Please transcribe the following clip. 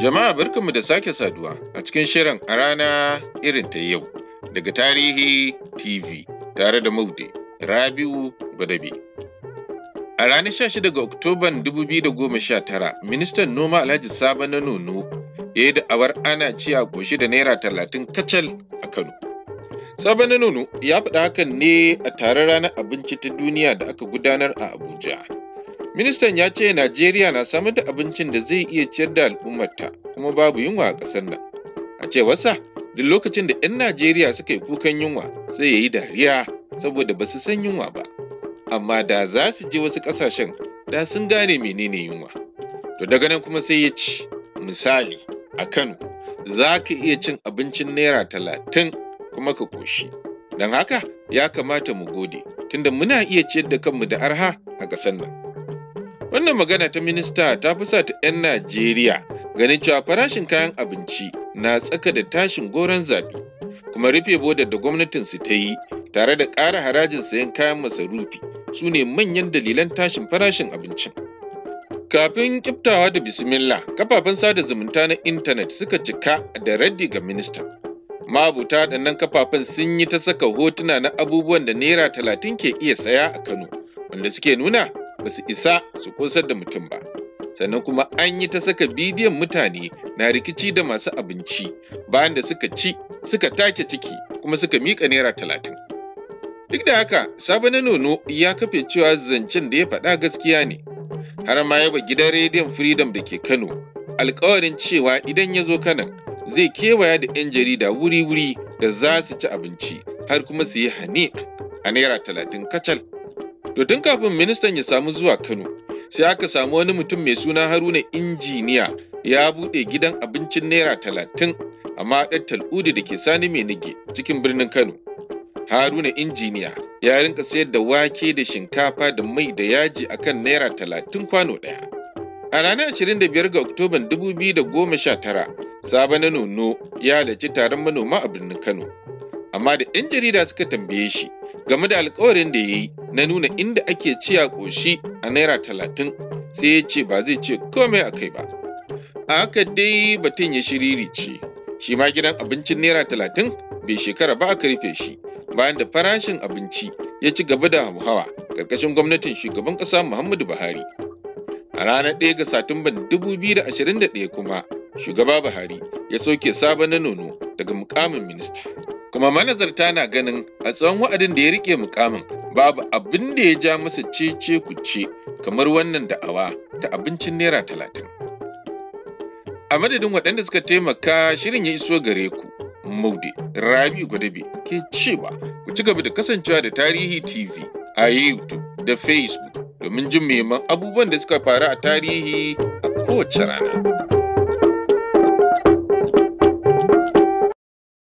Jama'a barkanmu da sake saduwa a cikin shirin a rana irin ta yau daga Tarihi TV tare da Maude Rabiu Gwadabe. A ranar 16 ga Oktoban 2019, ministan noma Alhaji Sabo na Nono ya yi da'awar ana ci a da Naira talatin kacal a Kano. Sabo na Nono ya faɗa hakan ne a taron ranar abinci ta duniya da aka gudanar a Abuja. Ministan ya ce Najeriya na samar da abincin da zai iya ciyar da al'ummarta kuma babu yunwa a ƙasar nan. A cewarsa, duk lokacin da 'yan Najeriya suka yi kukan yunwa sai ya yi dariya saboda ba su san yunwa ba. Amma da za su je wasu ƙasashen da sun gane menene yunwa. To daga nan kuma sai ya ci misali a Kano za ka iya cin abincin naira talatin kuma ka koshi. Don haka ya kamata mu gode tunda muna iya ciyar da kanmu da arha a ƙasar nan. Wannan magana ta minista ta fi sa ta 'yan Najeriya ganin cewa farashin kayan abinci na tsaka da tashin goron zabi kuma rufe bodar da gwamnatin su ta yi tare da ƙara harajin sayan kayan masarufi su ne manyan dalilan tashin farashin abincin. Kafin kiftawa da bismillah, kafafen sada zumunta na intanet suka cika da raddi ga minista Mabuta ɗannan kafafen sun yi ta saka hotuna na abubuwan da Naira talatin ke iya saya a Kano, wanda suke nuna ba su isa su ƙosar da mutum ba. Sannan kuma an yi ta saka bidiyon mutane na rikici da masu abinci bayan da suka ci suka take ciki kuma suka miƙa naira talatin. Duk da haka, Sabana Nono ya kafe cewa zancen da ya faɗa gaskiya ne, har ma yaba gidan rediyon Firidom da ke Kano, alkawarin cewa idan ya zo Kanan zai kewaya da 'yan jarida wuri-wuri da za su ci abinci har kuma su yi hane a naira talatin kacal. To tun kafin ministan ya samu zuwa Kano, sai aka samu wani mutum mai suna Haruna injiniya ya buɗe gidan abincin naira talatin a maɗar tal'udu da ke sani mai nage cikin birnin Kano. Haruna injiniya ya rinka sayar da wake da shinkafa da mai da yaji akan naira talatin kwano ɗaya. A ranar 25 ga Oktoban 2019, na Nono ya halarci taron manoma a birnin Kano. Amma da 'yan jarida suka tambaye shi, game da alkawarin da ya yi na nuna inda ake ciya ƙoshi a naira talatin sai ya ce ba zai ce komai a kai ba a haka dai batun ya shiriri ce shi ma gidan abincin naira talatin bai shekara ba a karfe shi bayan da farashin abinci ya ci gaba da hauhawa ƙarƙashin gwamnatin shugaban ƙasa muhammadu buhari a ranar ɗaya ga satumban ɗaya kuma shugaba buhari ya soke sabon na nono daga mukamin minista kuma manazarta na ganin a tsawon wa'adin da ya rike mukamin babu abin da ya ja masa cece ku ce kamar wannan da'awa ta abincin naira talatin. A madadin waɗanda suka taimaka shirin ya iso gare ku, Maude Rabi Gwadabe ke cewa ku ci gaba da kasancewa da Tarihi TV a YouTube da Facebook domin jin meman abubuwan da suka faru a tarihi a kowace rana.